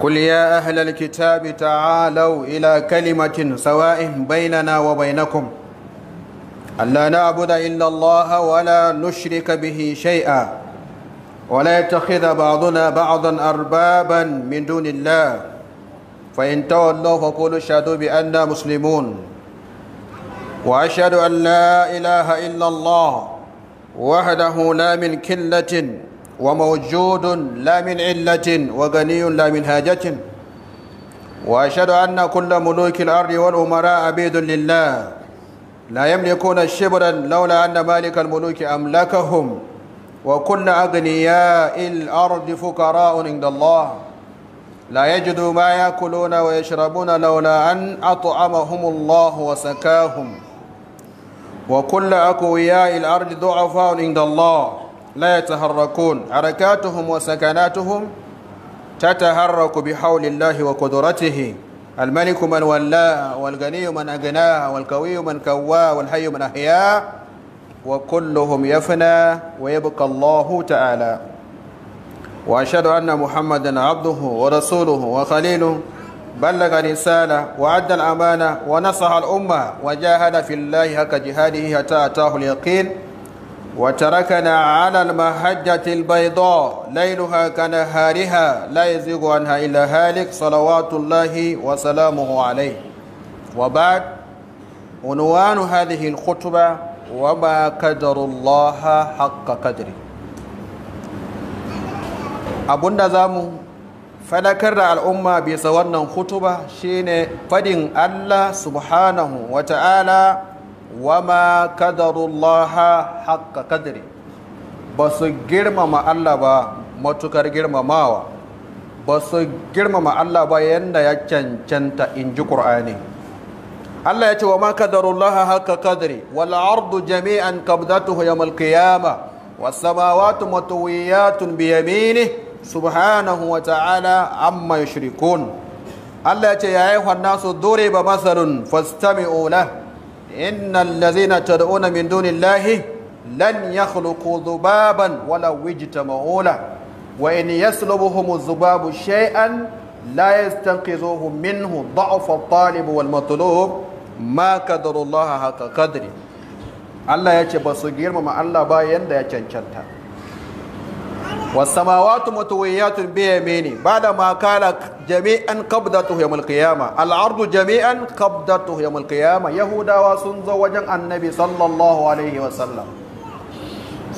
قل يا أهل الكتاب تعالوا إلى كلمة سواء بيننا وبينكم ألا نعبد إلا الله ولا نشرك به شيئا ولا يتخذ بعضنا بعضا أربابا من دون الله فإن تولوا فقولوا اشهدوا بأننا مسلمون وأشهد أن لا إله إلا الله وحده لا من كلة وموجود لا من علة وغني لا من هاجة وأشهد أن كل ملوك الأرض والأمراء عبيد لله لا يملكون شبرا لولا أن مالك الملوك أملكهم وكل أغنياء الأرض فقراء عند الله لا يجدوا ما يأكلون ويشربون لولا أن أطعمهم الله وسكاهم وكل أقوياء الأرض ضعفاء عند الله la yataharrakun harakatuhum wa sakanatuhum تتحرك بحول الله وقدرته الملك من ولاه والغني من أغناه والقوي من كواه والحي من أحياه وكلهم يفنى ويبقى الله تعالى وأشهد أن محمدا عبده ورسوله وخليله بلغ الرسالة وأدى الأمانة ونصح الأمة وجاهد في الله حق جهاده حتى أتاه اليقين وتركنا على المحجة البيضاء ليلها كنهارها لا يزيغ عنها إلا هالك صلوات الله وسلامه عليه وبعد عنوان هذه الخطبة وما قدر الله حق قدره أبونا زامو fadakar da al'umma bisa wannan hutuba shine fadin Allah subhanahu wa ta'ala wama kadarullaha haqqa kadri ba su girmama Allah ba matukar girmamawa ba su girmama Allah ba yadda ya cancanta in ji ƙur'ani Allah ya ce wa ma kadarullaha haqqa kadri wal ardu jami'an qabdatuhu yawmal qiyamah was samawati matwiyatun bi yaminihi subhanahu wa ta'ala amma yushrikun Allah ya ce ya ayyuhan nasu duriba masalun fastami'u lahu innal ladzina tad'una min dunillahi lan yakhluqu dhubaban wala wijtama'u ma'ula wa in yaslubuhum dhubabu shay'an la yastanqidhuhu minhu da'fa at-talib wal matlub ma qadara Allah haqa qadri Allah ya ce ba su girmama Allah ba yanda ya cancanta والسماوات متويات بيمينه بعدما كان جميعا قبضته يوم القيامة العرض جميعا قبضته يوم القيامة يهودا وسنزو وجن النبي صلى الله عليه وسلم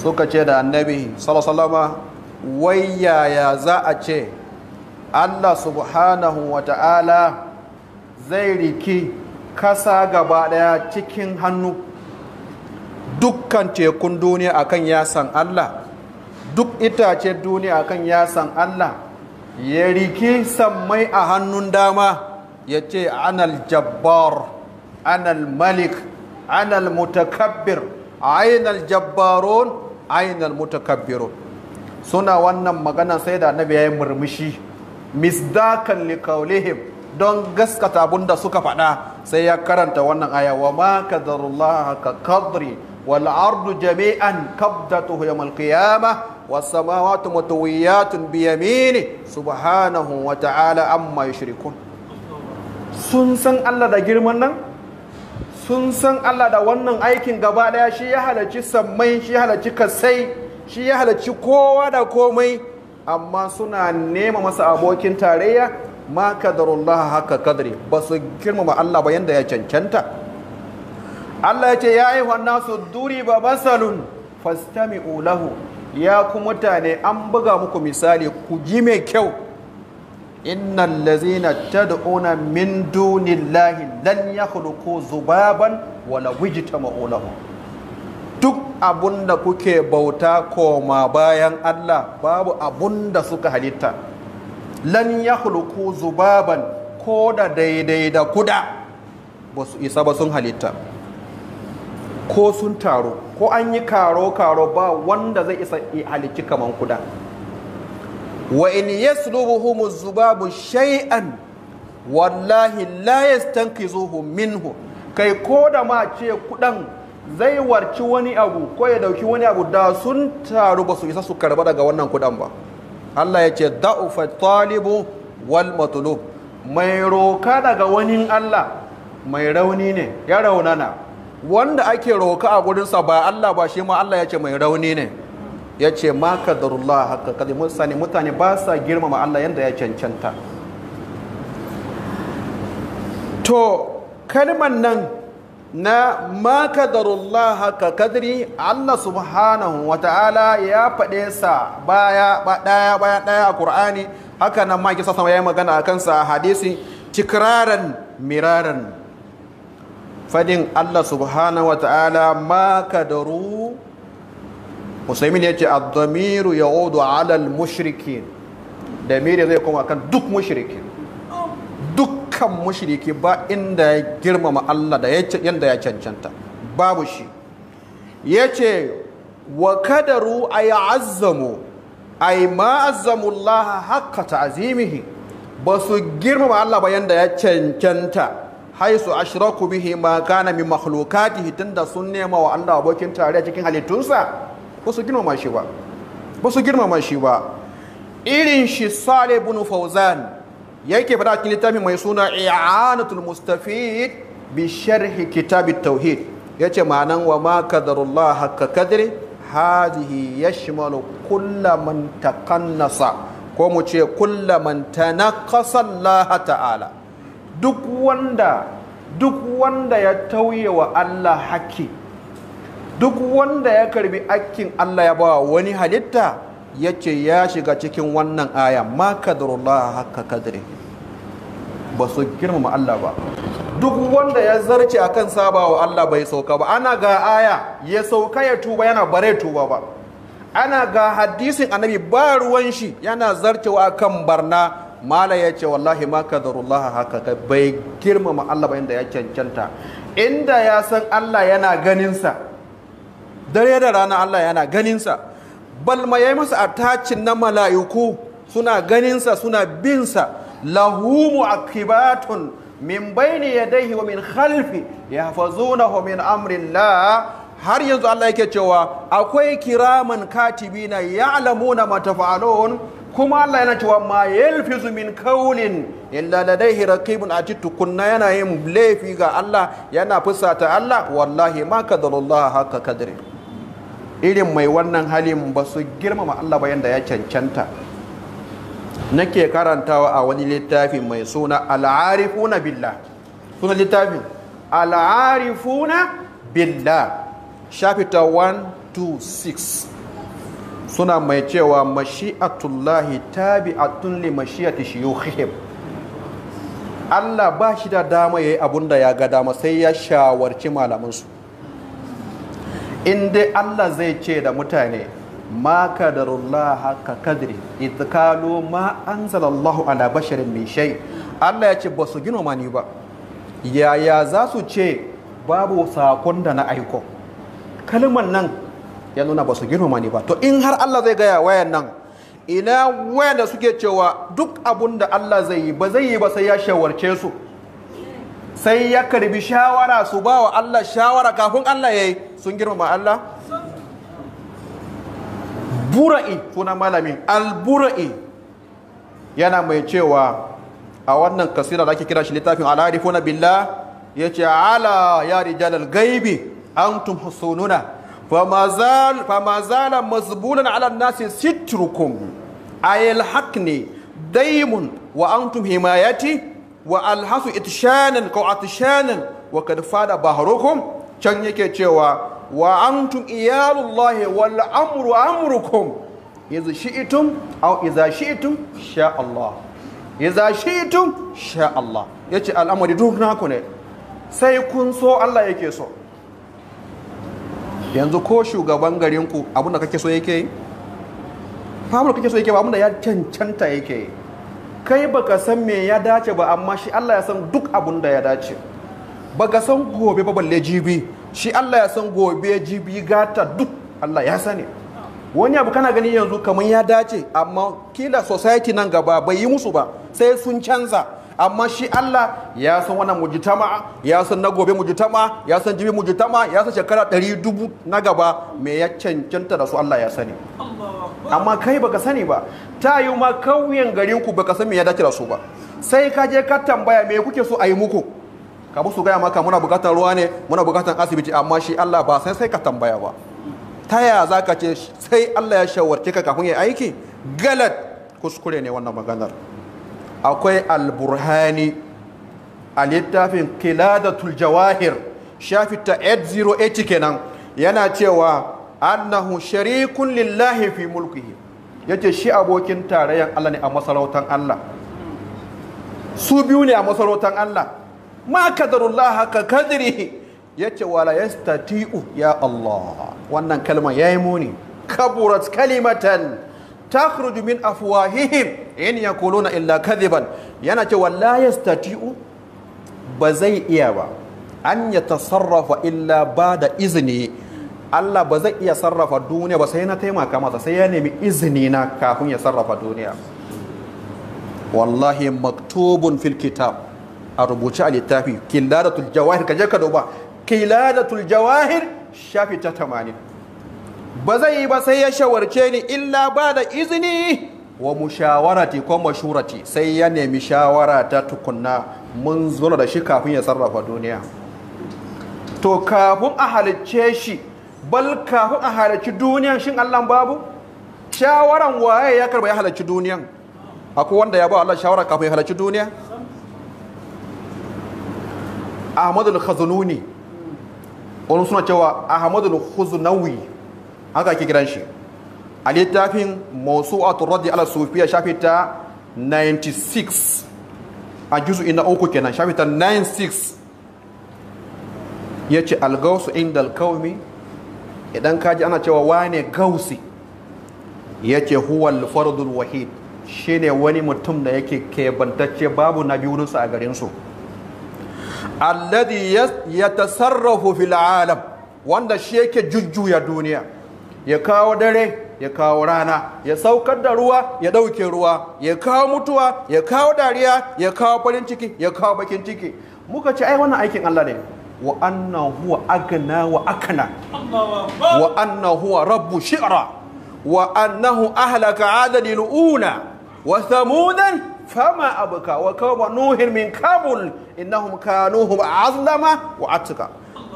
سوكا تشيدا النبي صلى الله عليه وسلم ويا يا زاء الله سبحانه وتعالى zai riki kasa gaba daya cikin hannu dukkan tekun duniya akan yasan Allah duk itacen duniya kan san Allah ya riki sammai a hannun dama ya ce anal jabbar anal malik anal mutakabbir ainal jabbaron ainal mutakabbirun suna wannan magana sai da annabi ya yi murmushi misdakan likaulihim don gaskata abin da suka faɗa sai ya karanta wannan aya wa ma ka kadri wal ardu jami'an qabdatuhu yawm qiyamah wasamawatu mutawiyatun biyamini subhanahu wa ta'ala amma yushrikun sun san Allah da girman nan sun san Allah da wannan aikin gaba daya shi ya halarci sammai shi ya halarci kasai shi ya halarci kowa da komai amma suna nema masa abokin tarayya ma kadarullah haka kadri ba su girmama Allah ba yanda ya cancanta Allah ya ce ya yi nasu duri ba basalun fastami'u lahu ya ku mutane an buga muku misali ku ji mai kyau innan lazina tad'una min dunillahi lan yakhluqu zubaban wala wajtama'u ma'ulahu duk abunda kuke bauta koma bayan Allah babu abunda suka halitta lan yakhluqu zubaban ko da daidai da kuda ba su isa ba sun halitta ko sun taru ko an yi karo-karo ba wanda zai isa halicci kaman kuda wa in yaslubuhum zubabu shay'an wallahi la yastankizuhu minhu kai ko da ma ce kudan zai warci wani abu ko ya dauki wani abu da sun taru ba su isa su karba daga wannan kudan ba Allah ya ce da'ufa talibu wal matlub mai roka daga wani Allah mai rauni ne ya raunana wanda ake roka a gurinsa ba Allah ba shi ma Allah ya ce mai rauni ne ya ce ma kadarullah haka kadi mutane mutane ba sa girmama Allah yanda ya cancanta to kalman nan na ma kadarullah haka kadri Allah subhanahu wa ta'ala ya faɗe sa baya ɗaya baya ɗaya a Qur'ani haka nan ma sama ya yi magana a kansa a hadisi tikraran miraran fadin Allah subhanahu wa ta'ala ma kadaru ya ce ad-damiru ya'udu 'ala al-mushrikin damiri zai koma kan duk mushrikin dukkan mushriki ba inda ya girmama Allah da ya cancanta babu shi yace wa kadaru yi azzamu A yi azzamu Allah haqqa ta'zimihi ba su girmama Allah ba yanda ya cancanta haisu ashraku bihi ma kana min makhluqatihi tunda sun nema wa Allah abokin tare cikin halittunsa ba su girmama shi ba ba su shi ba irin shi Saleh ibn Fawzan yake fada cikin littafin mai suna i'anatul mustafid bi sharhi kitab at-tauhid yace ma'anan wa ma qadarullah hakka qadri hadhihi yashmalu kulla man taqannasa ko mu ce kulla man tanaqasa Allah ta'ala duk wanda duk wanda ya tauye wa Allah haƙƙi duk wanda ya karbi akin Allah ya bawa wani halitta ya ce ya shiga cikin wannan aya ma kadarullah haka kadri ba su girmama Allah ba duk wanda ya zarce akan saba wa Allah bai sauka ba ana ga aya ya sauka ya tuba yana bare tuba ba ana ga hadisin annabi ba ruwan shi yana zarcewa kan barna mala ya ce wallahi ma kadarullah haka ka bai girmama Allah ba inda ya cancanta inda ya san Allah yana ganinsa dare da rana Allah yana ganinsa balma ya yi masa attacin na mala'iku suna ganinsa suna binsa lahu akibatun min ya dai wa min khalfi yahfazunahu min la? har yanzu Allah yake cewa akwai kiraman katibina ya'lamuna ma tafa'alun kuma Allah yana cewa ma yalfizu min kaulin illa ladaihi raqibun atid tukunna yana yin laifi ga Allah yana fusata Allah wallahi ma kadarullah haka kadri irin mai wannan halin ba su girmama Allah ba yanda ya cancanta nake karantawa a wani littafi mai suna al'arifuna billah suna littafin al'arifuna billah shafi 126 suna mai cewa mashi'atullahi tabi'atun shi mashi'ati shuyukhihim Allah ba shi da dama yayi abun da ya ga dama sai ya shawarci malamansu in dai Allah zai ce da mutane ma kadarullah haka kadri idkalu ma anzalallahu ala basharin min shai Allah ya ce ba su gina mani ba yaya za su ce babu sakon da na aiko kalmar nan ya nuna ba su girmama ne ba to in har Allah zai gaya wayan nan ina wayan da suke cewa duk abun da Allah zai yi ba zai yi ba sai ya shawarce su sai ya karbi shawara su ba wa Allah shawara kafin Allah ya yi sun girmama Allah bura'i sunan malamin al-bura'i yana mai cewa a wannan kasira da ake kira shi littafin al-arifuna billah ce ala ya rijalal gaibi antum husununa fama zala mazbulan ala nasi sitrukum ayil haq ne daimun wa antum himayati wa alhasu itishanan ko atishanan wa kad fada baharukum can yake cewa wa antum iyalullahi wal amru amrukum idza shi'tum aw idza shi'tum sha Allah idza shi'tum sha Allah yace al'amari duk naku ne sai kun so Allah yake so yanzu ko shugaban garinku abin da kake so yake yi famar kake so yake ba abin da ya cancanta yake yi kai baka san me ya dace ba amma shi Allah ya san duk abin ya dace baka san gobe ba balle jibi shi Allah ya san gobe jibi gata duk Allah ya sani wani abu kana gani yanzu kamar ya dace amma kila society nan gaba bai yi musu ba sai sun canza amma shi Allah ya san wannan mujtama ya san na gobe mujtama ya san jibi mujtama ya san shekara ɗari dubu na gaba me ya cancanta da su Allah ya sani amma kai baka sani ba ta yi ma kauyen garin ku baka san me ya dace da su ba sai ka je ka tambaya me kuke so a yi muku ka musu gaya maka muna bukatar ruwa ne muna bukatar asibiti amma shi Allah ba sai sai ka tambaya ba ta yaya za ka ce sai Allah ya shawarce ka kafin ya aiki galat kuskure ne wannan maganar akwai alburhani a littafin kiladatul jawahir shafita 808 kenan yana cewa annahu sharikun lillahi fi mulkihi ce shi abokin tarayyar Allah ne a masarautar Allah su biyu ne a masarautar Allah ma kadarullah haka Ya yace wala yastati'u ya Allah wannan kalma yayi muni kaburat kalimatan takhruju min afwahihim in yaquluna kadiban, kadhiban yana cewa la yastati'u ba zai iya ba an ya tasarrafa illa ba da izini Allah ba zai iya sarrafa duniya ba sai na taimaka masa sai ya nemi izini na kafin ya sarrafa duniya wallahi maktubun fil kitab a rubuce a littafi kiladatul jawahir ka je ka duba kiladatul jawahir shafi ta tamanin. ba zai yi ba sai ya shawarce ni illa ba da izini wa mushawarati ko mashurati sai ya nemi shawara ta tukunna mun zuna da shi kafin ya sarrafa duniya to kafin a halicce shi bal kafin a halicci duniya shin Allah babu shawaran waye ya karba ya halicci duniya akwai wanda ya ba Allah shawara kafin ya halicci duniya Ahmadu khazununi wani suna cewa Ahmadu al haka ake kiran shi a littafin a turaddi ala sufiya shafi ta 96 a juz'in na uku kenan shafita ta 96 ya ce algausu inda al idan kaji ana cewa wane gausi ce huwa al wahid shi shine wani mutum da yake kebantacce babu na biyu a garinsu alladhi tasarrafu fil alam wanda shi yake jujjuya duniya ya kawo dare ya kawo rana ya saukar da ruwa ya ɗauke ruwa ya kawo mutuwa ya kawo dariya ya kawo farin ciki ya kawo bakin ciki muka ce ai wannan aikin Allah ne wa anna huwa agna wa akna wa anna huwa rabbu shi'ra wa annahu ahlaka adadil ula wa thamudan fama abuka wa kawba nuhin min kabul innahum kanuhum azlama wa atka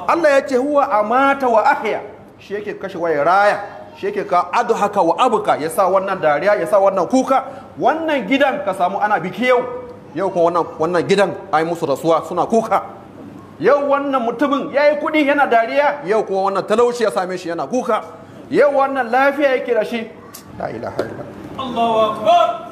Allah ya ce huwa amata wa ahya shi yake kashe waye raya shi yake ka adu haka wa abuka ya sa wannan dariya ya sa wannan kuka wannan gidan ka samu ana biki yau yau kuma wannan wannan gidan ai musu rasuwa suna kuka yau wannan mutumin ya yi kuɗi yana dariya yau kuma wannan talauci ya same shi yana kuka yau wannan lafiya yake da shi la ilaha illallah Allahu akbar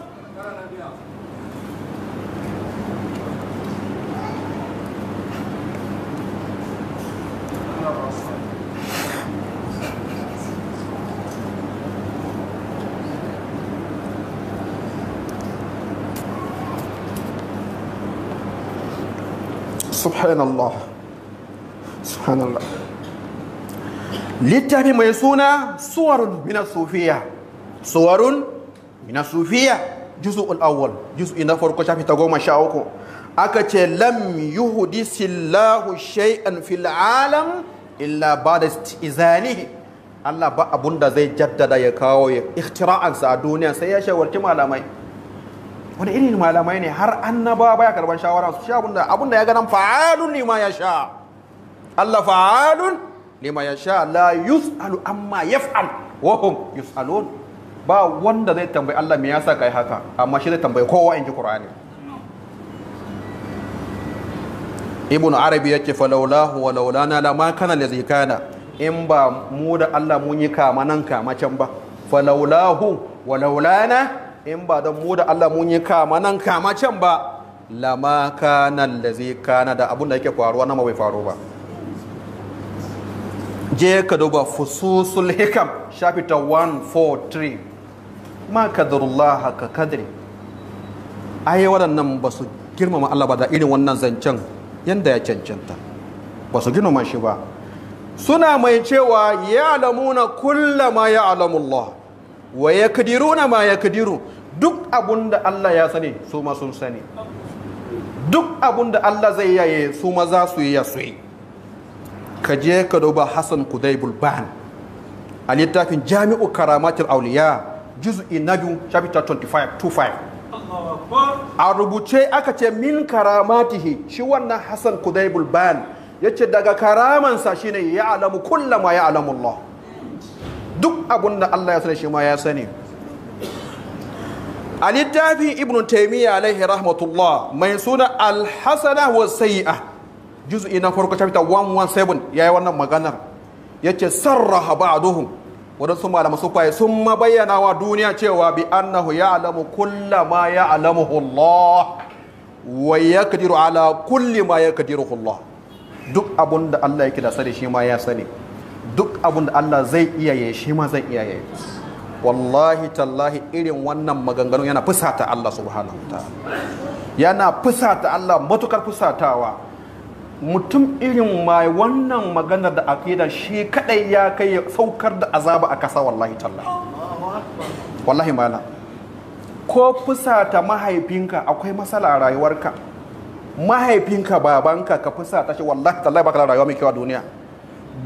subhanallah subhanallah littafi mai suna suwarun mina sufiya suwarun mina sufiya jisu al'awwal, jisu na farko shafi ta goma sha uku aka ce lam sillahu shay'an fil alam illa ba da izani Allah ba abunda zai jaddada ya kawo ya ikhtira'ansa a duniya sai ya shawarci malamai wani irin malamai ne har annaba baya karban shawara su sha abunda abinda ya ganan fa'alun lima ya sha Allah fa'alun lima ya sha la yus'alu amma yaf'al wa hum yus'alun ba wanda zai tambayi Allah me yasa kai haka amma shi zai tambayi kowa in ji Qur'ani Ibn Arabi yake falaulahu wa laulana lama kana lazi kana in ba mu da Allah mun yi kama nan kama can ba falaulahu wa laulana in ba don mu da Allah mun yi kama nan kama can ba lama da zai kana da abun da yake faruwa na bai faru ba je ka duba fususul hikam shafita 143 ma kadarullah ka kadri ai waɗannan ba su girmama Allah ba da irin wannan zancen yanda ya cancanta ba su girmama shi ba suna mai cewa ya alamuna kullama ya alamullah wa na ma kadiru? duk abun da Allah ya sani su ma sun sani duk abun da Allah zai yaye su ma za su yi ya su yi ka je ka duba Hassan Kudaybul Ban a littafin Jami'u Karamatul Auliya juz'i na biyu chapter 25 25 a rubuce aka ce min karamatihi shi wannan Hassan Kudaybul Ban yace daga karamansa shine ya alamu kullama ya alamu Allah duk abun da Allah ya sani shi ma ya sani a littafin ibn taimiyya alaihi rahmatullah mai suna alhassana wa sai'a juz'i na farko chapter 117 yi wannan maganar yace sarraha ba'duhum wadansu malaman su kwaye sun bayyana wa duniya cewa bi annahu ya'lamu kulla ma ya'lamuhu Allah wa yaqdiru ala kulli ma yaqdiruhu Allah duk abun da Allah yake da sani shi ma ya sani duk abin da Allah zai iya yayi shi ma zan iya yayi wallahi tallahi irin wannan maganganu yana fusata Allah subhanahu wa yana fusata Allah matukar fusatawa mutum irin mai wannan maganar da aqida shi kadai ya kai ya saukar da azaba a kasa wallahi tallahi wallahi mala ko fusata mahaifinka akwai matsala a rayuwarka mahaifinka babanka ka fusata shi wallahi tallahi baka rayuwa mai kyau a duniya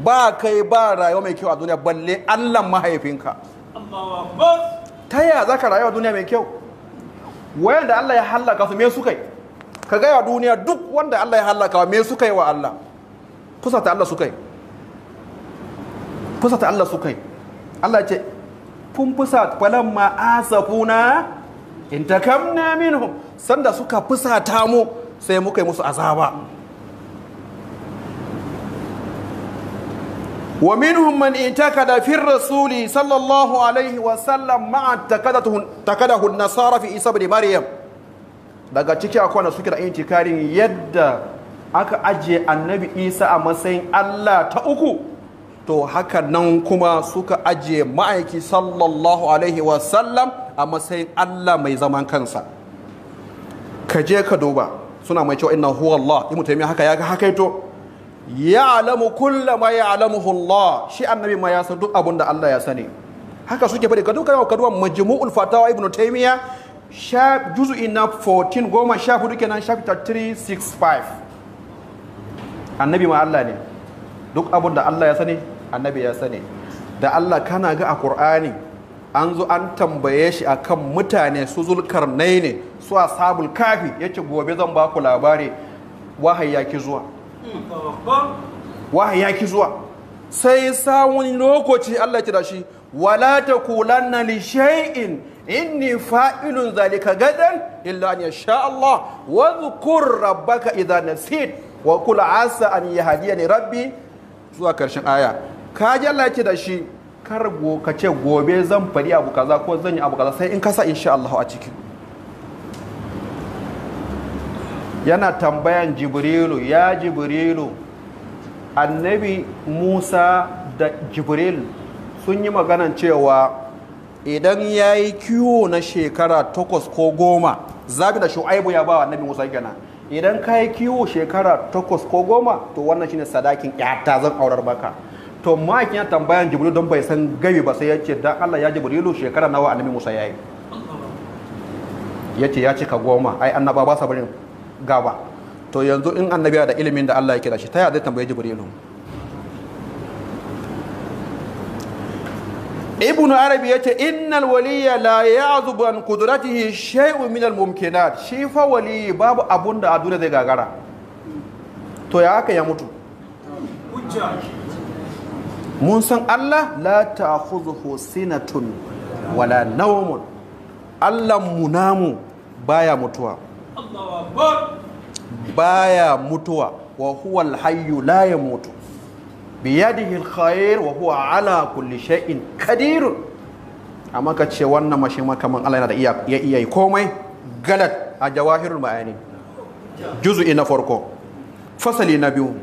ba kai ba rayuwa mai kyau a duniya balle Allah mahaifinka ta yaya za ka rayuwa duniya mai kyau wayan da Allah ya hallaka su me suka yi ka gaya duniya duk wanda Allah ya hallaka me suka yi wa Allah kusa ta Allah suka yi kusa ta Allah suka yi Allah ce kun fusa falan ma asafuna kamna minhum sanda suka fusata mu sai muka yi musu azaba ومنهم من اعتقد في الرسول صلى الله عليه وسلم مع اعتقده النصارى في عيسى بن مريم daga ciki akwai wanda suke da intikarin yadda aka ajiye annabi isa a matsayin allah ta uku to haka nan kuma suka ajiye ma'aiki sallallahu alaihi wasallam a matsayin allah mai zaman kansa ka je ka duba suna mai cewa ina huwa allah ibnu haka ya ga haka ito ya'lamu kulla ma ya'lamuhu Allah shi annabi ma ya san duk abin da Allah ya sani haka suke faɗi ka duka kaduwa duba majmu'ul fatawa ibnu taymiya juz'i na 14 goma sha hudu kenan chapter 365 annabi ma Allah ne duk abin da Allah ya sani annabi ya sani da Allah kana ga a Qur'ani an zo an tambaye shi akan mutane su zulkarnai ne su ashabul kafi yace gobe zan ba ku labari wahayya ki zuwa wahayi ya ki zuwa sai samun lokaci Allah kira shi wala ta taqulanna li shay'in inni fa'ilun zalika gadan illa an yasha Allah wa dhkur rabbaka idha nasit wa qul asa an yahdiyani rabbi zuwa karshen aya ka ji Allah da shi kar ka ce gobe zan faɗi abu kaza ko zan yi abu kaza sai in kasa insha Allah a cikin yana tambayan jibrilu ya jibrilu annabi musa da jibril sun yi maganan cewa idan ya yi kiwo na shekara takwas ko goma zabi da shu'aibu ya ba wa annabi musa gana idan ka yi kiwo shekara takwas ko goma to wannan shine sadakin yata zan aurar baka to ma'aikin ya tambayan jibrilu don bai san gabi ba sai ya ce dan allah ya jibrilu shekara nawa annabi musa ya yi ya ce ya cika goma ai annaba ba sa barin Gaba to yanzu in annabi da ilimin da Allah ya kira shi ta yaya zai tambaye jibrilu ibn arabi yace innal waliya la ya'zubu an qudratihi shay'un min al-mumkinat shi fa wali babu abun da aduna zai gagara to ya aka ya mutu mun san Allah la ta'khudhuhu sinatun wala nawmun Allah munamu baya mutuwa baya mutuwa wa huwa alhayyu la yamutu bi yadihi alkhair wa huwa ala kulli shay'in qadir amma ka ce wannan mashi makaman Allah yana da iya iya yi komai galat a jawahirul ma'ani juz'i na farko fasali na biyu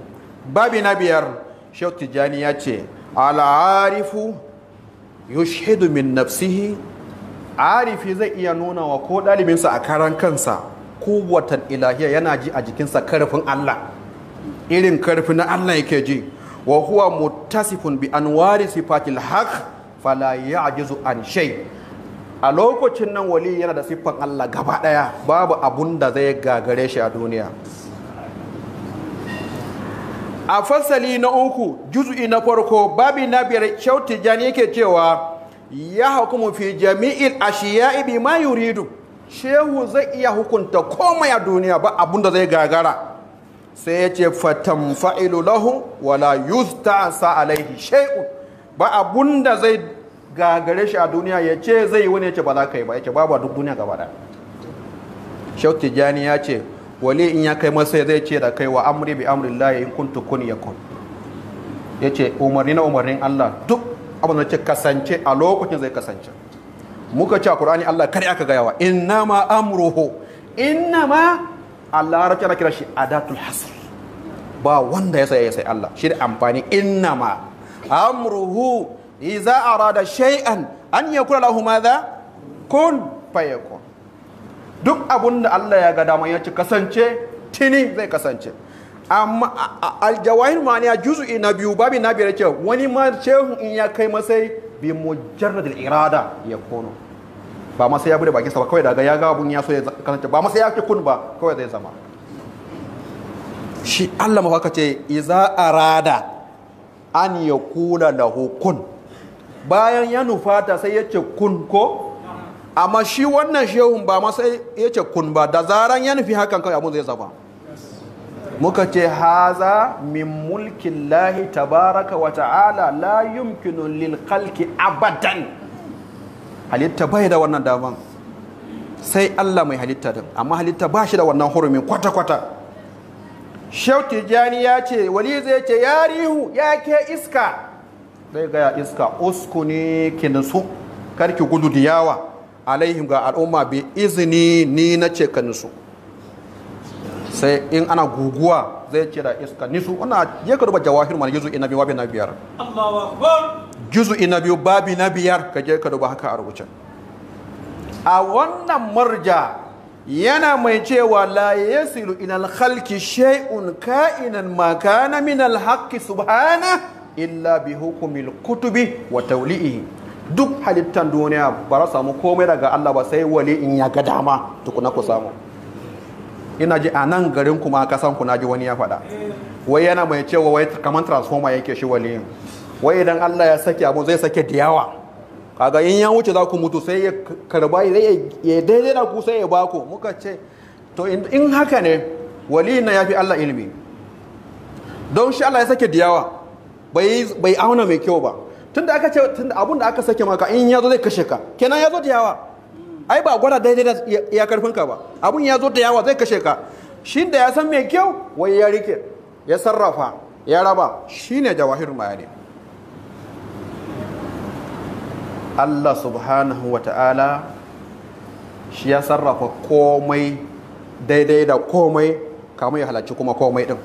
babi na biyar shaykh Tijani ya ce al'arifu yushhidu min nafsihi arifi zai iya nuna wa ko ɗalibinsa a karan kansa kuwatan Ilahiya yana ji a jikinsa karfin Allah irin karfi na Allah yake ji wa huwa muttasifun bi anwari sifatil haq fala ya'jizu an shay a lokacin nan wali yana da siffan Allah gaba daya babu abun da zai gagare shi a duniya a fasali na uku juzu'i na farko babi na biyar shauti yake cewa ya hukumu fi jami'il ashiya'i bi ma yuridu shehu zai iya hukunta komai a duniya ba abinda zai gagara sai ya ce fatan fa'ilu lahu wala yusta sa alaihi shehu ba abinda zai gagare shi a duniya ya ce zai wani ya ce ba za ka yi ba ya ce ba duk duniya gaba da shehu tijjani ya ce wali in ya kai masa zai ce da kai wa amri bi amri la in kuntu kun ya ce umarni na umarnin allah duk abin da ce kasance a lokacin zai kasance muka ce a Qur'ani Allah kari aka gaya wa. inna ma amruhu inna ma Allah ya kira shi adatul hasr ba wanda ya sai ya sai Allah shi da amfani inna ma amruhu idza arada shay'an an yakula lahu madha kun fayakun duk abun da Allah ya ga dama ya ci kasance tini zai kasance amma aljawahir ya juzu ina biyu babi na biyar ke wani ma in ya kai masai bi mujarradil irada ya kono ba ma ya bude bakinsa ba kawai daga ya ga abun ya so ya kasance ba ma sai ya ce kun ba kawai zai zama shi Allah mafaka ce iza arada an ya kula da hukun. bayan ya ta sai ya ce kun ko amma shi wannan shehun ba ma sai ya ce kun ba da zaran ya nufi hakan kawai abun zai zama muka ce haza min mulkin lahi tabaraka wa ta'ala la yumkinu lil khalqi abadan halitta bai da wannan daman sai Allah mai halitta din amma halitta ba shi da wannan hurumin kwata-kwata Shehu Tijjani ya ce wali zai ce ya rihu ya ke iska zai gaya iska usku ne ki karki gudu da yawa alaihim ga al'umma bi izini ni na ce ka sai in ana guguwa zai ce da iska nisu wannan je ka ruba jawahir mana yuzu inabi wa na biyar Juzu na biyu babi na biyar ka je ka duba haka a rubuce a wannan marja yana mai cewa la yasilu inal khalqi shay'un ka'inan ma kana min al haqqi subhana illa bi hukumil kutubi wa tauli'i. duk halittan duniya ba za samu komai daga Allah ba sai wali in ya ga dama tukuna ku samu ina ji a nan garin kuma kasan ku na ji wani ya faɗa wai yana mai cewa wai kamar transformer yake shi waliyin wai idan Allah ya sake abu zai sake da yawa kaga in ya wuce za ku mutu sai ya karba ya daidai da ku sai ya baku muka ce to in haka ne wali na ya fi Allah ilimi don shi Allah ya sake da yawa bai auna mai kyau ba tun da aka ce abun da aka sake maka in ya zo zai kashe ka kenan ya zo da yawa ai ba gwada daidai da ya ka ba abun ya zo da yawa zai kashe ka shi da ya san mai kyau wai ya rike ya sarrafa ya raba shine jawahirin bayani Allah subhanahu wa ta'ala shi ya sarrafa komai daidai da komai kamar ya halarci kuma komai din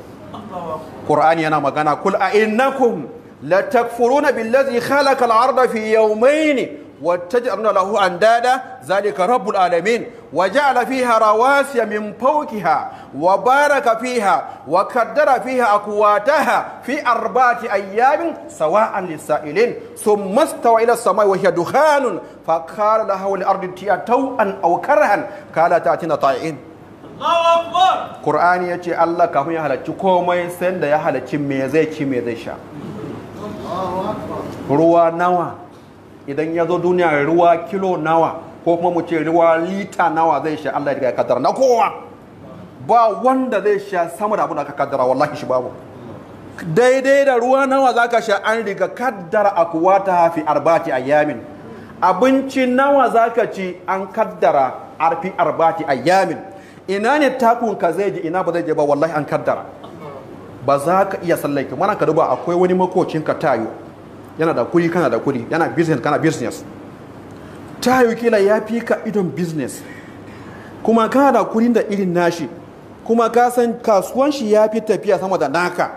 ƙur'ani yana magana kul a innakum la takfuruna billazi khalaqa al-arda fi yawmayn wa taj'aluna lahu andada zalika rabbul alamin وجعل فيها رواسي من فوقها وبارك فيها وقدر فيها أقواتها في أربعة أيام سواء للسائلين ثم استوى إلى السماء وهي دخان فقال لها والأرض ائتيا توءا أو كرها قال تأتينا طائعين Qur'ani ya ce Allah kafin ya halarci komai sanda ya halarci me zai ci me zai sha. Ruwa nawa idan ya zo duniya ruwa kilo nawa ko kuma mu ce ruwa lita nawa zai sha Allah ya kaddara na kowa ba wanda zai sha sama da abin da aka kaddara wallahi shi babu daidai da ruwa nawa zaka sha an riga kaddara kuwa ta hafi arbati yamin. abinci nawa zaka ci an kaddara arfi arbati yamin. ina ne takun ka zai ji ina ba zai je ba wallahi an kaddara ba za ka iya sallai mana ka duba akwai wani makocin ka tayo yana da kuri kana da kuri yana business kana business ta yi kila ya fi ka idon business kuma ka da kudin da irin nashi kuma ka san kasuwan shi ya fi tafiya sama da naka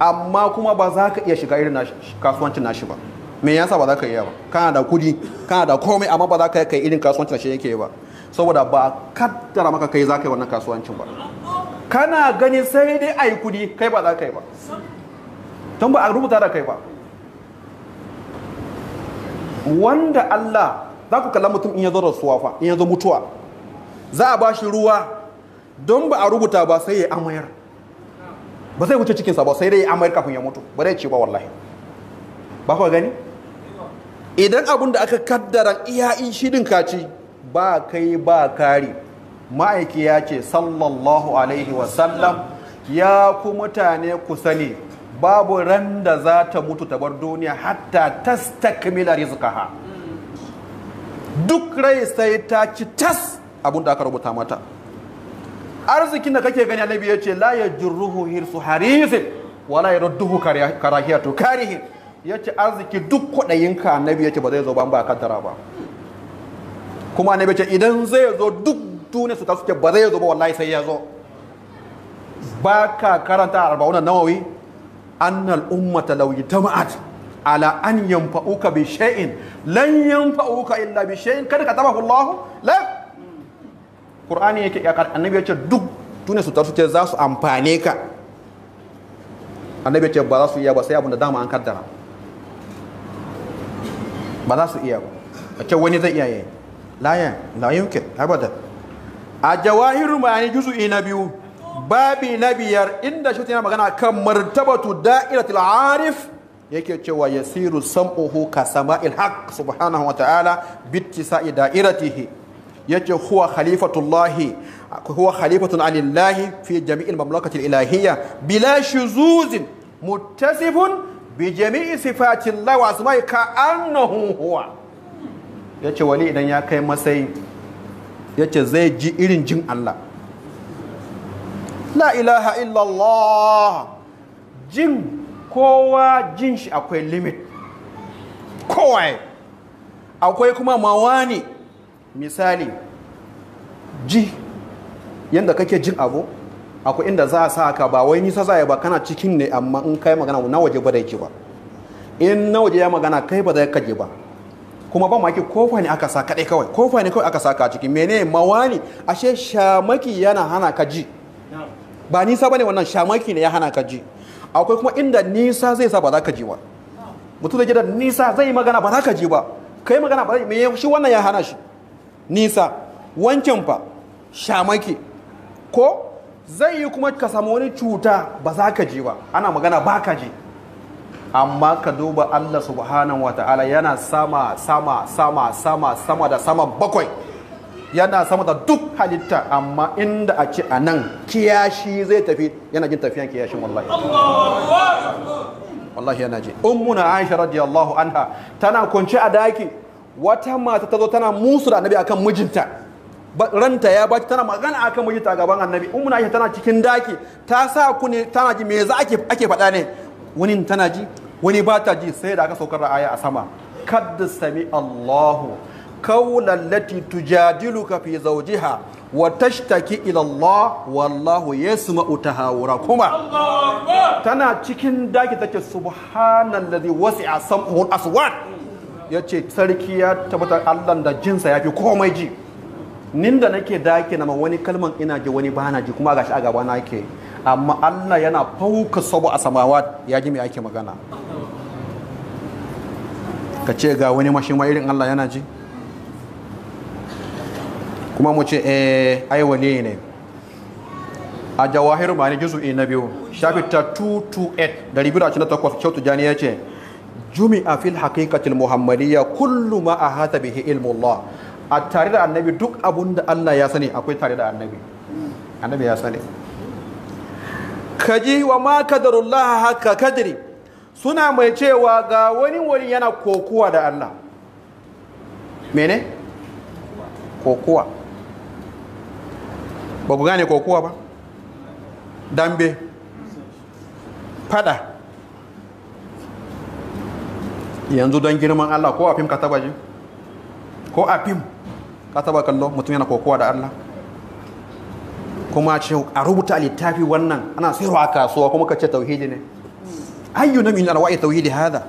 amma kuma ba za ka iya shiga irin kasuwancin nashi ba me yasa ba za ka iya ba kana da kudi kana da komai amma ba za ka kai irin kasuwancin shi yake ba saboda ba kaddara maka kai za ka yi wannan kasuwancin ba kana gani sai dai a yi kudi kai ba za ka yi ba don ba a rubuta da kai ba wanda Allah za ku kalla mutum in ya zo rasuwa fa in ya zo mutuwa za a ba shi ruwa don ba a rubuta ba sai ya amayar ba zai wuce cikinsa ba sai dai ya amayar kafin ya mutu ba zai ci ba wallahi ba ku gani idan abin da aka kaddara iya in kaci ba kai ba kari ma'aiki ya ce sallallahu alaihi wasallam ya ku mutane ku sani babu ran da za ta mutu ta bar duniya hatta tastakmila rizqaha duk rai sai ta ci tas abin da aka rubuta mata arzikin da kake gani annabi ya ce la yajruhu hirsu harisin wala yarduhu karahiyatu karihin ya ce arziki duk kwaɗayinka annabi ya ce ba zai zo ba ba kaddara ba kuma annabi ce idan zai zo duk duniya su ta suke ba zai zo ba wallahi sai ya zo ba ka karanta arba'una nawawi annal ummata law yatama'at ala an yanfa'uka bi shay'in lan yanfa'uka illa bi shay'in kada ka tabahu Allah la Qur'ani yake ya annabi ya ce duk tune su tarsuce za su amfane ka annabi ya ce ba za su iya ba sai abin da dama an kaddara ba za su iya ba a ce wani zai iya yi layan la yumkin abada a jawahiru ma'ani juz'i ina biyu babi na biyar inda shi yana magana kan martabatu da'iratul arif yake cewa yasiru sam'uhu ka sama'il haq subhanahu wa ta'ala bittisa'i da'iratihi yace huwa khalifatullahi huwa khalifatun alillahi fi jami'il mamlakati ilahiyya bila shuzuzin muttasifun bi jami'i sifatillahi wa asma'i ka annahu huwa yace wali idan ya kai masai yace zai ji irin jin Allah la ilaha illallah jin kowa jin shi akwai limit kowai akwai kuma mawani misali ji yadda kake jin abu akwai inda za a sa ka ba wai nisa za a yi ba kana cikin ne amma in kai magana na waje ba da yake ba in na waje ya magana kai ba da kaje ba kuma ba maki kofa ne aka sa kadai kawai kofa ne kawai aka sa ka ciki mene mawani ashe shamaki yana hana ka ji ba nisa ne wannan shamaki ne ya hana ka ji akwai kuma inda nisa zai sa ba za ka je ba mutum zai da nisa zai magana ba za ka je ba kai magana ba zai shi wannan ya hana shi nisa wancan fa shamaki ko zai yi kuma ka samu wani cuta ba za ka je ba ana magana ba ka je amma ka duba Allah subhanahu wa ta'ala yana sama sama sama sama sama da sama bakwai yana sama da duk halitta amma inda a ce a nan kiyashi zai tafi yana jin tafiyan kiyashin wallahi wallahi yana ji ummuna aisha radiyallahu anha tana kunce a daki wata mata ta zo tana musu da annabi akan mijinta ranta ya baki tana magana akan mijinta gaban annabi ummuna aisha tana cikin daki ta sa ku ne tana ji me za ake ake faɗa ne wani tana ji wani ba ta ji sai da aka saukar aya a sama kad sami Allahu قول التي تجادلك في زوجها وتشتكي إلى الله والله يسمع kuma. Tana cikin daki take da zai sam'ul aswat yace sarki ya tabbata Allah da jinsa yafi komai ji nin da nake daki na wani kalman ina ji wani bana ji kuma gashi a gaba na amma Allah yana fauka sabu a samawat ya ji me ake magana ka ce ga wani mashin irin Allah yana ji kuma mu ce eh ai wane ne a jawahir juzu in e na biyu shafi ta 228 da ribira a cikin takwas kyautu jani ya ce Jumi a fil hakikatin muhammadiyya kullu ma hata bihi ilmullah a tare da annabi duk abun da Allah ya sani akwai tare da annabi annabi ya sani kaji wa ma kadarullah haka kadiri suna mai cewa ga wani wani yana kokuwa da Allah mene kokuwa ba ku gane kokowa ba dambe fada yanzu don girman allah ko a fim ka taba ji ko a fim ka taba kallo mutum yana kokowa da allah kuma ce a rubuta littafi wannan ana sayarwa a kasuwa kuma ka ce tauhidi ne ayyu na min alwa'i tauhidi hada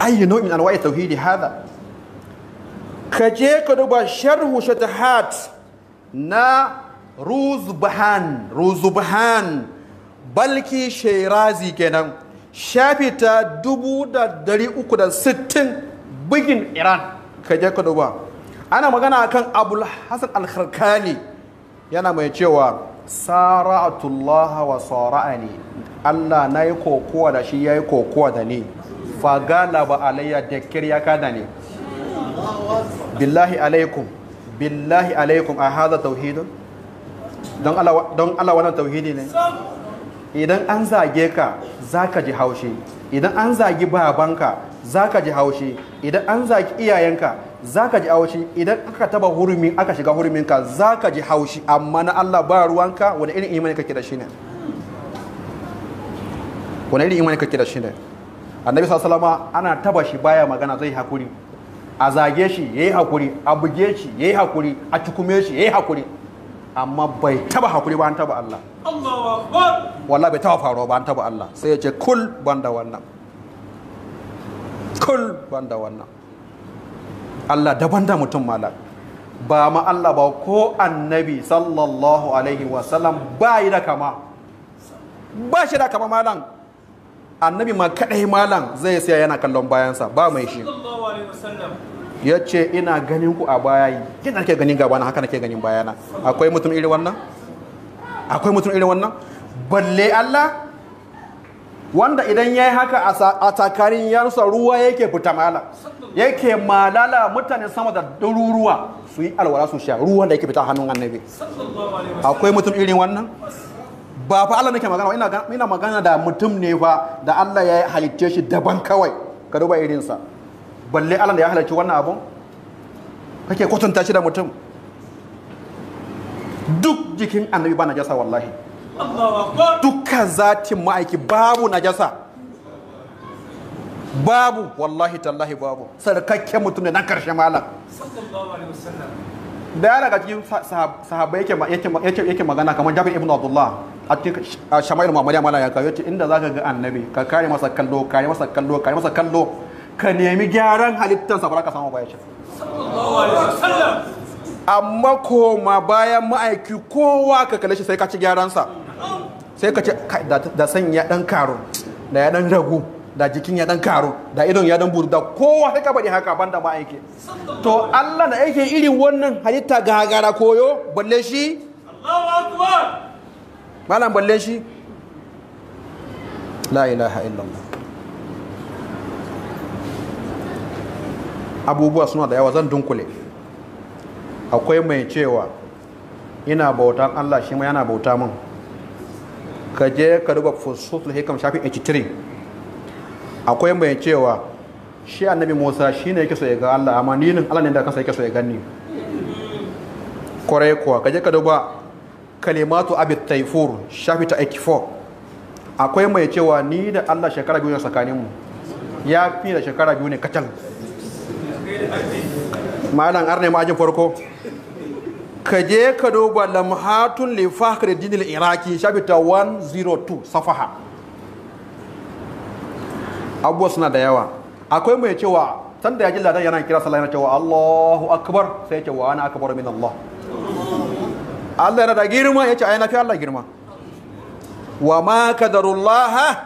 ayyu na min alwa'i tauhidi hada ka je ka duba sharhu shatahat na ruzubhan ruzubhan balki shairazi kenan shafi ta 360 bugin iran ka je ka duba ana magana kan abul hasan al-kharkani yana mai cewa sara'atullah wa sara'ani Allah na yi kokowa da shi ya yi kokowa da ni fagala ba alayya da kirya da ni billahi alaikum billahi alaikum a haza tauhidun don Allah wannan tauhidi ne idan an zage ka za ka ji haushi idan an zagi babanka za ka ji haushi idan an zagi iyayenka za ka ji haushi idan aka taba hurumin aka shiga huruminka za ka ji haushi amma na Allah ba ruwanka wani irin imani kake da shi ne wani irin imani kake da shi ne annabi sallallahu alaihi wasallam ana taba shi baya magana zai hakuri a zage shi ya yi haƙuri a buge shi ya yi haƙuri a cikume shi ya yi haƙuri amma bai taba haƙuri ba an taba Allah wallah bai taba faruwa ba an taba Allah sai ya ce kul banda wannan kul banda wannan Allah daban da mutum malak ba ma Allah ba ko annabi sallallahu alaihi wasallam ba yi da kama ba shi da kama malam annabi ma kadai malam zai saya yana kallon bayansa ba mai shi ya ce ina ganin ku a baya yin nake ganin gabana haka nake ganin bayana akwai mutum irin wannan akwai mutum irin wannan balle Allah wanda idan ya yi haka a takarin yansa ruwa yake fita malam yake malala mutane sama da dururuwa su yi alwala su sha ruwan da yake fita hannun annabi akwai mutum irin wannan ba fa Allah nake magana ina ina magana da mutum ne ba da Allah ya halicce shi daban kawai ka duba irin sa balle Allah da ya halicci wannan abun kake kwatanta shi da mutum duk jikin annabi ba najasa wallahi dukkan zatin ma'aiki babu najasa babu wallahi tallahi babu sarkakken mutum ne na karshe malam da ya daga cikin sahabbai yake magana kamar jabir ibn abdullah a cikin shama'il muhammad ya mala ya kawo yace inda zaka ga annabi ka kare masa kallo kare masa kallo kare masa kallo ka nemi gyaran halittarsa ba ka samu ba amma koma bayan ma'aiki kowa ka kalle shi sai ka ci gyaransa sai ka ci da sanya dan karo da ya dan ragu da jikin ya dan karo da idon ya dan buru da kowa haka bane haka banda ma aiki to Allah na yake irin wannan halitta gagara koyo balle shi Allahu akbar malam balle shi la ilaha illallah abubuwa suna da yawa zan dunkule akwai mai cewa ina bautan Allah shi ma yana bauta min ka je ka duba fusul hikam shafi 83 akwai mai cewa shi annabi musa shi ne yake so ya ga allah amma ni allah ne da kansa yake so ya gani kwarai kuwa kaje ka duba kalimatu abit taifur shafi ta 84 akwai mai cewa ni da allah shekara biyu ne tsakaninmu ya fi da shekara biyu ne kacal malam arne majin farko ka je ka duba lamhatun lifakar dinil iraki shafi ta 102 safaha abubuwa suna da yawa akwai mai cewa sanda ya ji ladan yana kira sallah yana cewa Allahu akbar sai ya ce wa ana akbar min Allah Allah yana da girma ya ce ai na fi Allah girma wa ma kadarullah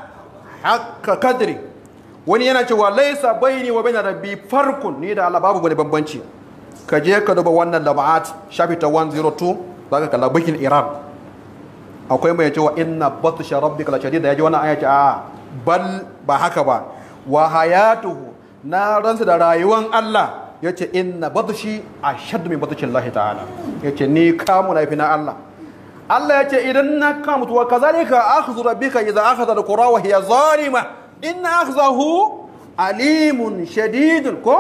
haqqa kadri wani yana cewa laisa baini wa baina rabbi farkun ni da Allah babu wani bambanci ka je ka duba wannan labat shafi ta 102 zaka kalla bikin iran akwai mai cewa inna batsha rabbika la shadida yaji wannan aya ce a bal ba haka ba wa hayatuhu na ransa da rayuwan Allah yace inna batshi ashaddu min batshi Allah ta'ala yace ni kamu na fi na Allah Allah yace idan na kamu to kazalika akhdhu rabbika idza akhadha alqura wa hiya zalima inna akhzahu alimun shadidun ko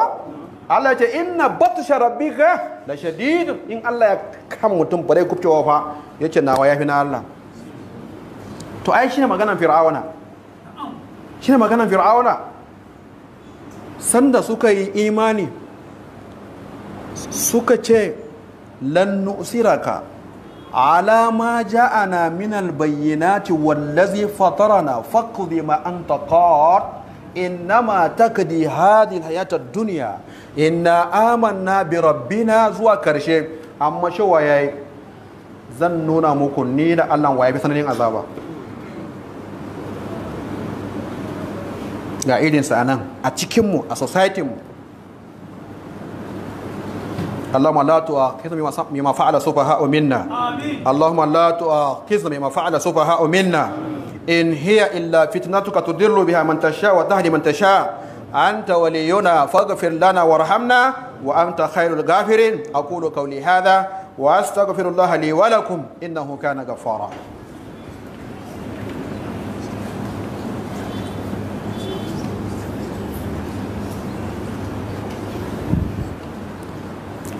Allah ce inna batsha rabbika la shadidun in Allah ya kama mutum bare kubcewa fa yace nawa fi na Allah to ai shine maganar fir'auna shine maganan fir'auna sanda suka yi imani suka ce lan nusiraka ala ma ja'ana min albayyinati wallazi fatarana faqdi ma anta qad innama takdi hadhihi alhayata ad-dunya inna amanna bi rabbina zuwa karshe amma shawa zan nuna muku ni da Allah waye bi sanarin azaba ga irinsa a nan a cikinmu a societinmu Allahumma la illa fitnatuka tudillu biha anta waliyuna faghfir warhamna wa anta khairul ghafirin aqulu qawli hadha wa astaghfirullah li wa lakum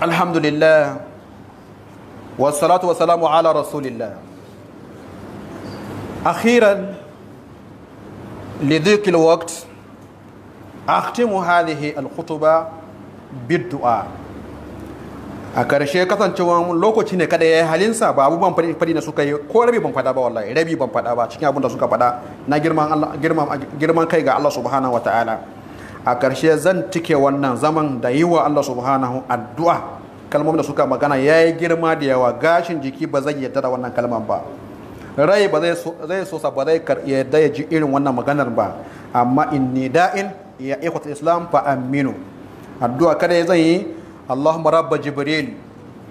alhamdulillah wasalatu wasalamu ala rasulillah akhiran لذيك الوقت أختم هذه الخطبة بالدعاء a ƙarshe kasancewa lokaci ne kada ya halinsa ba abubuwan fadi na suka yi ko suka fada na girman kai ga Allah a ƙarshe zan cike wannan zaman da yi wa Allah subhanahu addu'a kalmomin da suka magana ya yi girma da yawa gashin jiki ba zai yadda da wannan kalman ba rai ba zai so ba zai yadda ya ji irin wannan maganar ba amma inni da'in ya ikwata islam fa aminu addu'a kada ya zan yi allahumma rabba jibril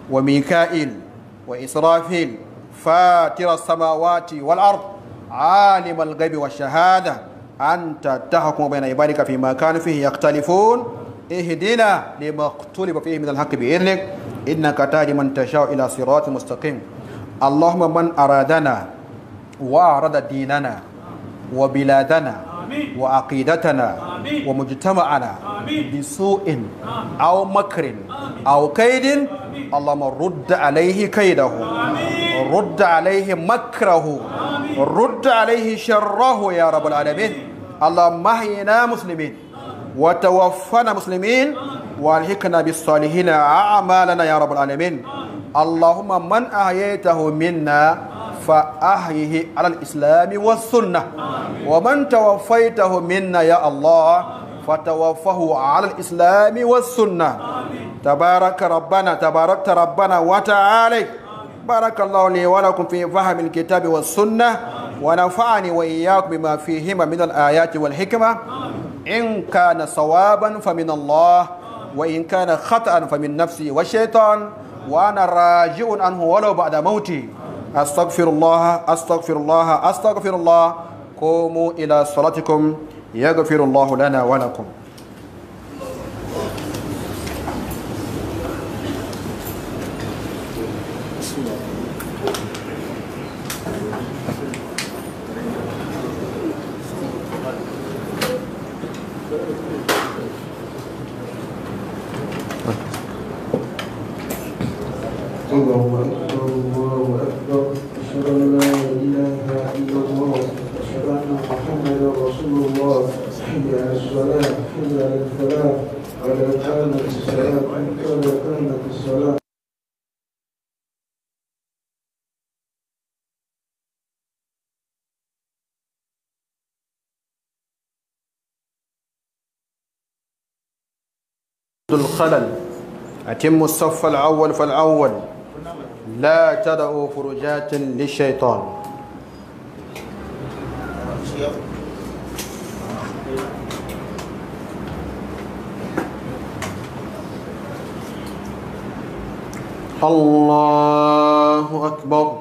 wa mika'il wa israfil fatira samawati wal ard alim ghaibi wa shahada أنت تحكم بين عبادك فيما كانوا فيه يختلفون اهدنا لما اختلف فيه من الحق بإذنك إنك تهدي من تشاء إلى صراط مستقيم اللهم من أرادنا وأراد ديننا وبلادنا وعقيدتنا ومجتمعنا بسوء أو مكر أو كيد اللهم رد عليه كيده رد عليه مكره رد عليه شره يا رب العالمين اللهم احينا مسلمين وتوفنا مسلمين والحقنا بالصالحين اعمالنا يا رب العالمين اللهم من احييته منا فاحيه على الاسلام والسنه ومن توفيته منا يا الله فتوفه على الاسلام والسنه تبارك ربنا تباركت ربنا وتعالى بارك الله لي ولكم في فهم الكتاب والسنه ونفعني وإياك بما فيهما من الآيات والحكمة إن كان صوابا فمن الله وإن كان خطأ فمن نفسي والشيطان وأنا راجع عنه ولو بعد موتي أستغفر الله أستغفر الله أستغفر الله قوموا إلى صلاتكم يغفر الله لنا ولكم الخلل أتم الصف الأول فالأول لا تدعوا فرجات للشيطان الله أكبر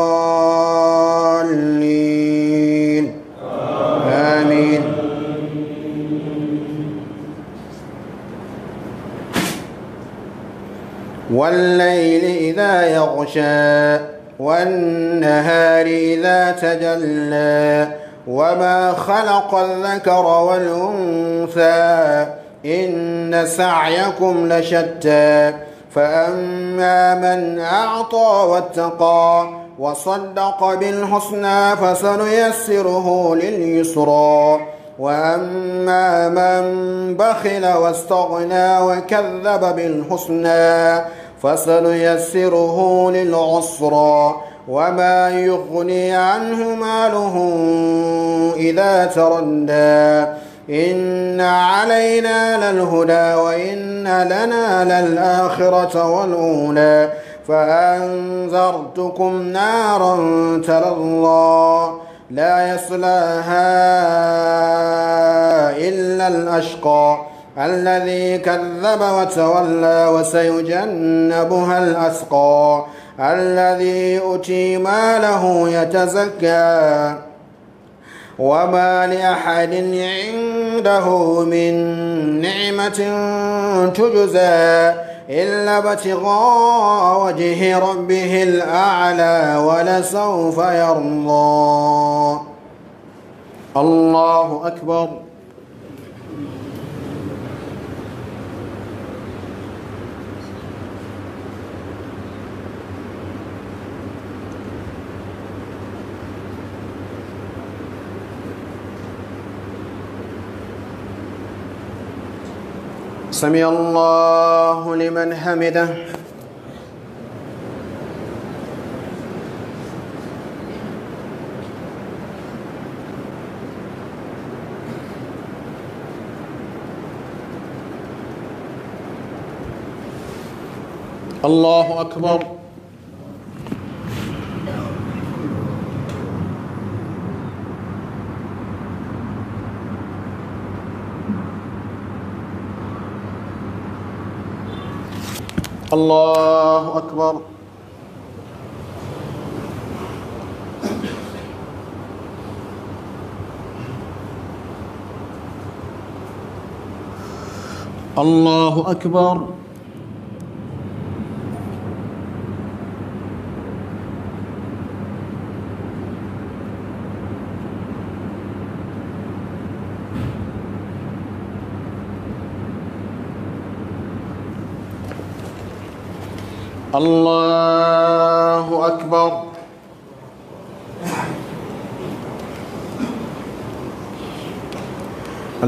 والليل إذا يغشى والنهار إذا تجلى وما خلق الذكر والأنثى إن سعيكم لشتى فأما من أعطى واتقى وصدق بالحسنى فسنيسره لليسرى وأما من بخل واستغنى وكذب بالحسنى فسنيسره للعسرى وما يغني عنه ماله إذا تردى إن علينا للهدى وإن لنا للآخرة والأولى فأنذرتكم نارا تلظى لا يصلاها إلا الأشقى الذي كذب وتولى وسيجنبها الأسقى الذي أتي ماله يتزكى وما لأحد عنده من نعمة تجزى إلا ابتغاء وجه ربه الأعلى ولسوف يرضى الله أكبر سمع الله لمن حمده الله أكبر الله أكبر الله أكبر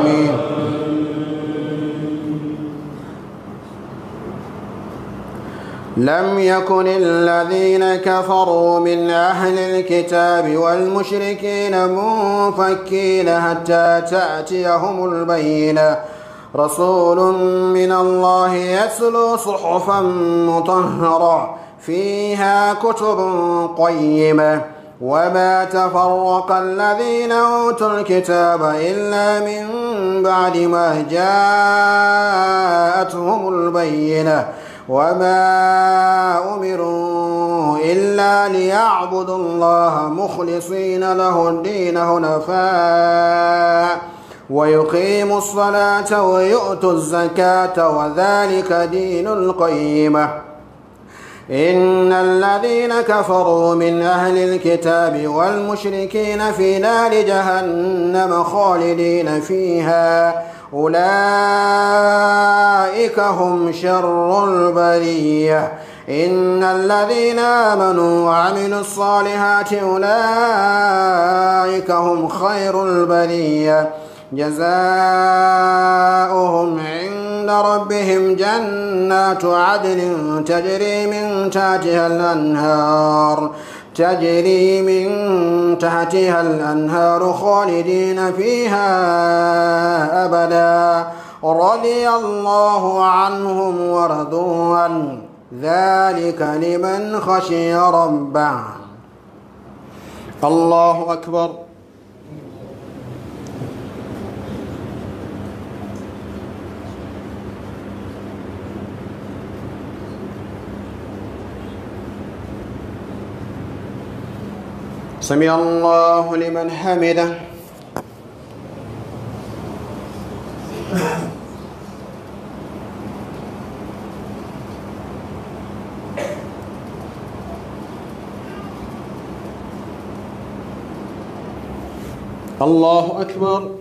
العالمين لم يكن الذين كفروا من أهل الكتاب والمشركين منفكين حتى تأتيهم البينة رسول من الله يتلو صحفا مطهرة فيها كتب قيمه وما تفرق الذين أوتوا الكتاب إلا من بعد ما جاءتهم البينة وما أمروا إلا ليعبدوا الله مخلصين له الدين هنفاء ويقيموا الصلاة ويؤتوا الزكاة وذلك دين القيمة إن الذين كفروا من أهل الكتاب والمشركين في نار جهنم خالدين فيها أولئك هم شر البرية إن الذين آمنوا وعملوا الصالحات أولئك هم خير البرية جزاؤهم ربهم جنات عدن تجري من تحتها الأنهار تجري من تحتها الأنهار خالدين فيها أبدا رضي الله عنهم ورضوا ذلك لمن خشي ربه الله أكبر سمع الله لمن حمده الله أكبر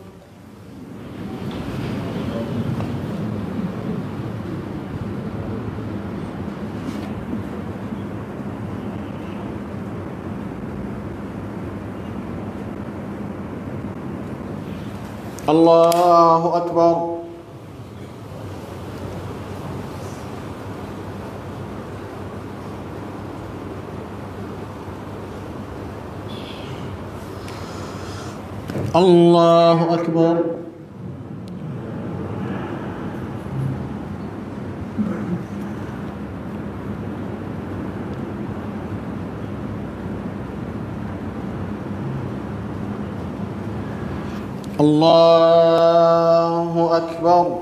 الله أكبر الله أكبر الله أكبر